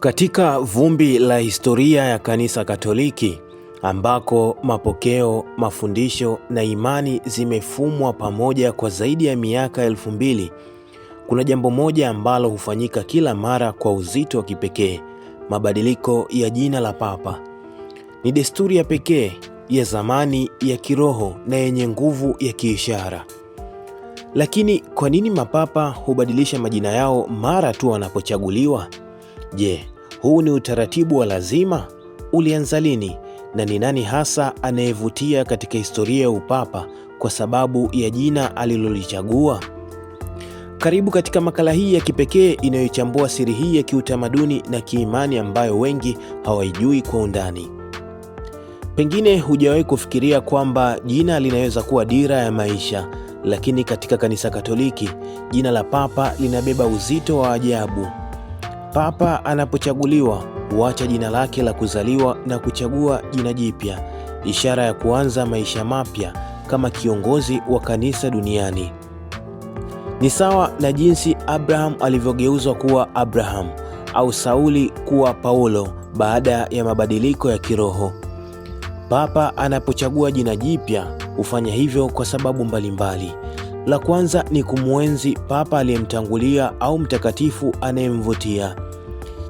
Katika vumbi la historia ya Kanisa Katoliki ambako mapokeo, mafundisho na imani zimefumwa pamoja kwa zaidi ya miaka elfu mbili, kuna jambo moja ambalo hufanyika kila mara kwa uzito wa kipekee: mabadiliko ya jina la Papa. Ni desturi ya pekee ya zamani ya kiroho na yenye nguvu ya kiishara. Lakini kwa nini mapapa hubadilisha majina yao mara tu wanapochaguliwa? Je, huu ni utaratibu wa lazima? Ulianza lini na ni nani hasa anayevutia katika historia ya upapa kwa sababu ya jina alilolichagua? Karibu katika makala hii ya kipekee inayochambua siri hii ya kiutamaduni na kiimani ambayo wengi hawaijui kwa undani. Pengine hujawahi kufikiria kwamba jina linaweza kuwa dira ya maisha, lakini katika Kanisa Katoliki jina la papa linabeba uzito wa ajabu. Papa anapochaguliwa huacha jina lake la kuzaliwa na kuchagua jina jipya, ishara ya kuanza maisha mapya kama kiongozi wa kanisa duniani. Ni sawa na jinsi Abraham alivyogeuzwa kuwa Abraham au Sauli kuwa Paulo baada ya mabadiliko ya kiroho. Papa anapochagua jina jipya hufanya hivyo kwa sababu mbalimbali. La kwanza ni kumwenzi papa aliyemtangulia au mtakatifu anayemvutia.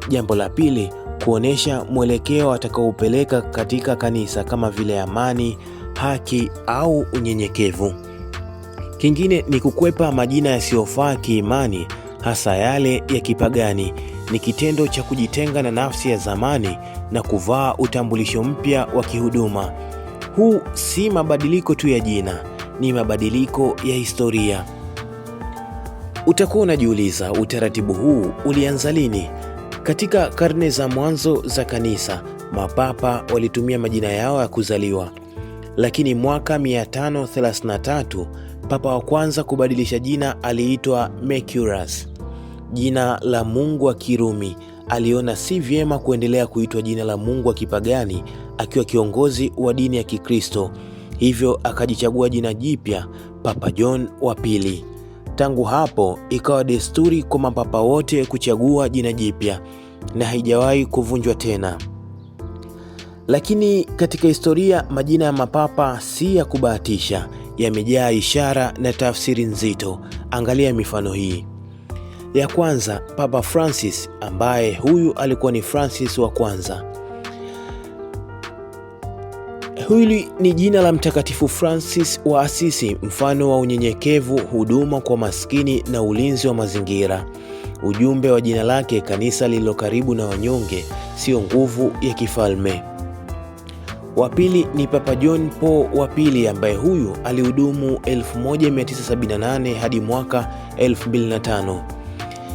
Jambo la pili, kuonesha mwelekeo atakaoupeleka katika kanisa kama vile amani, haki au unyenyekevu. Kingine ni kukwepa majina yasiyofaa kiimani, hasa yale ya kipagani. Ni kitendo cha kujitenga na nafsi ya zamani na kuvaa utambulisho mpya wa kihuduma. Huu si mabadiliko tu ya jina ni mabadiliko ya historia. Utakuwa unajiuliza utaratibu huu ulianza lini? Katika karne za mwanzo za kanisa, mapapa walitumia majina yao ya kuzaliwa, lakini mwaka 533 papa wa kwanza kubadilisha jina aliitwa Mercurius, jina la mungu wa Kirumi. Aliona si vyema kuendelea kuitwa jina la mungu wa kipagani akiwa kiongozi wa dini ya Kikristo hivyo akajichagua jina jipya Papa John wa Pili. Tangu hapo ikawa desturi kwa mapapa wote kuchagua jina jipya na haijawahi kuvunjwa tena. Lakini katika historia majina ya mapapa si ya kubahatisha, yamejaa ishara na tafsiri nzito. Angalia mifano hii. Ya kwanza, Papa Francis ambaye huyu alikuwa ni Francis wa kwanza Hili ni jina la Mtakatifu Francis wa Asisi, mfano wa unyenyekevu, huduma kwa maskini na ulinzi wa mazingira. Ujumbe wa jina lake, kanisa lililo karibu na wanyonge, sio nguvu ya kifalme. Wa pili ni Papa John Paul wa pili ambaye huyu alihudumu 1978 hadi mwaka 2005.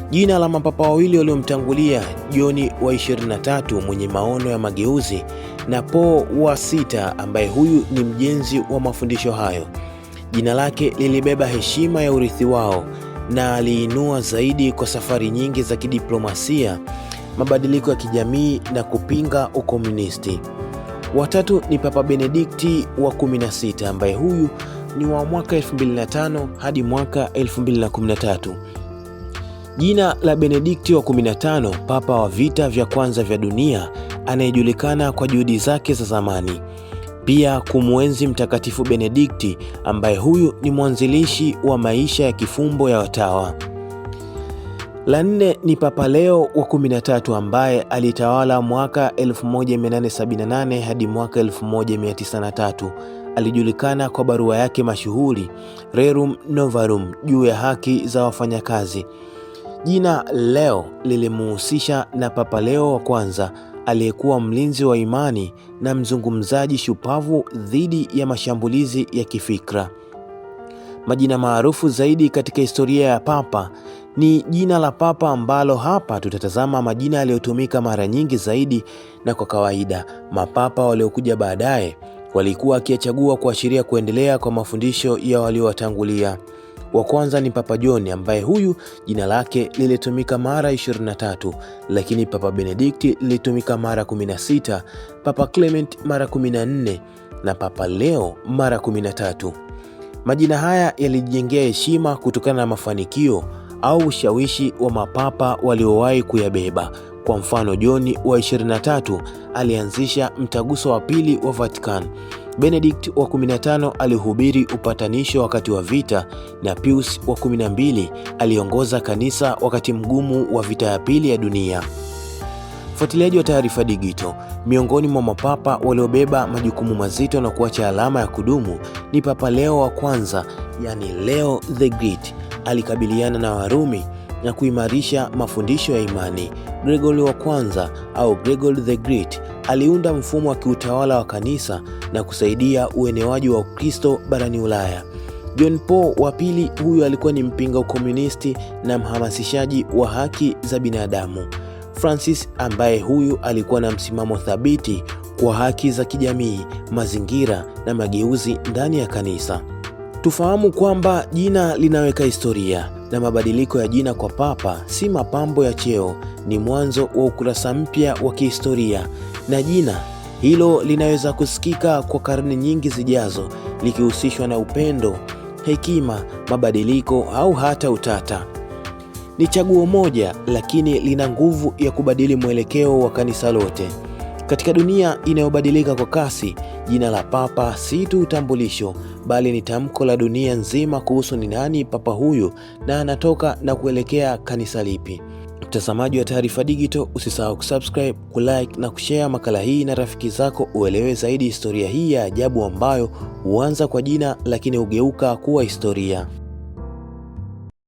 Jina la mapapa wawili waliomtangulia, John wa 23 mwenye maono ya mageuzi na Po wa sita ambaye huyu ni mjenzi wa mafundisho hayo. Jina lake lilibeba heshima ya urithi wao na aliinua zaidi kwa safari nyingi za kidiplomasia, mabadiliko ya kijamii na kupinga ukomunisti. Watatu ni Papa Benedikti wa 16 ambaye huyu ni wa mwaka 2005 hadi mwaka 2013. Jina la Benedikti wa 15, papa wa vita vya kwanza vya dunia, anayejulikana kwa juhudi zake za zamani, pia kumwenzi Mtakatifu Benedikti ambaye huyu ni mwanzilishi wa maisha ya kifumbo ya watawa. La nne ni Papa Leo wa 13 ambaye alitawala mwaka 1878 hadi mwaka 1903. Alijulikana kwa barua yake mashuhuri Rerum Novarum juu ya haki za wafanyakazi. Jina Leo lilimuhusisha na Papa Leo wa kwanza aliyekuwa mlinzi wa imani na mzungumzaji shupavu dhidi ya mashambulizi ya kifikra. Majina maarufu zaidi katika historia ya Papa ni jina la Papa ambalo hapa tutatazama majina yaliyotumika mara nyingi zaidi, na kwa kawaida mapapa waliokuja baadaye walikuwa akiyachagua kuashiria kuendelea kwa mafundisho ya waliowatangulia. Wa kwanza ni Papa John ambaye huyu jina lake lilitumika mara 23, lakini Papa Benedikti lilitumika mara 16, Papa Clement mara 14 na Papa Leo mara 13. Majina haya yalijengea heshima kutokana na mafanikio au ushawishi wa mapapa waliowahi kuyabeba. Kwa mfano, John wa 23 alianzisha mtaguso wa pili wa Vatican Benedict wa 15 alihubiri upatanisho wakati wa vita na Pius wa 12 aliongoza kanisa wakati mgumu wa vita ya pili ya dunia. Mfuatiliaji wa Taarifa Digito, miongoni mwa mapapa waliobeba majukumu mazito na kuacha alama ya kudumu ni Papa Leo wa kwanza, yani Leo the Great, alikabiliana na Warumi na kuimarisha mafundisho ya imani. Gregory wa kwanza au Gregory the Great aliunda mfumo wa kiutawala wa kanisa na kusaidia uenewaji wa Ukristo barani Ulaya. John Paul wa pili huyu alikuwa ni mpinga ukomunisti na mhamasishaji wa haki za binadamu. Francis ambaye huyu alikuwa na msimamo thabiti kwa haki za kijamii, mazingira na mageuzi ndani ya kanisa. Tufahamu kwamba jina linaweka historia na mabadiliko ya jina kwa papa si mapambo ya cheo, ni mwanzo wa ukurasa mpya wa kihistoria na jina hilo linaweza kusikika kwa karne nyingi zijazo, likihusishwa na upendo, hekima, mabadiliko au hata utata. Ni chaguo moja, lakini lina nguvu ya kubadili mwelekeo wa kanisa lote. Katika dunia inayobadilika kwa kasi, jina la Papa si tu utambulisho, bali ni tamko la dunia nzima kuhusu ni nani Papa huyu na anatoka na kuelekea kanisa lipi. Mtazamaji wa Taarifa Digital, usisahau kusubscribe, kulike na kushare makala hii na rafiki zako, uelewe zaidi historia hii ya ajabu ambayo huanza kwa jina lakini hugeuka kuwa historia.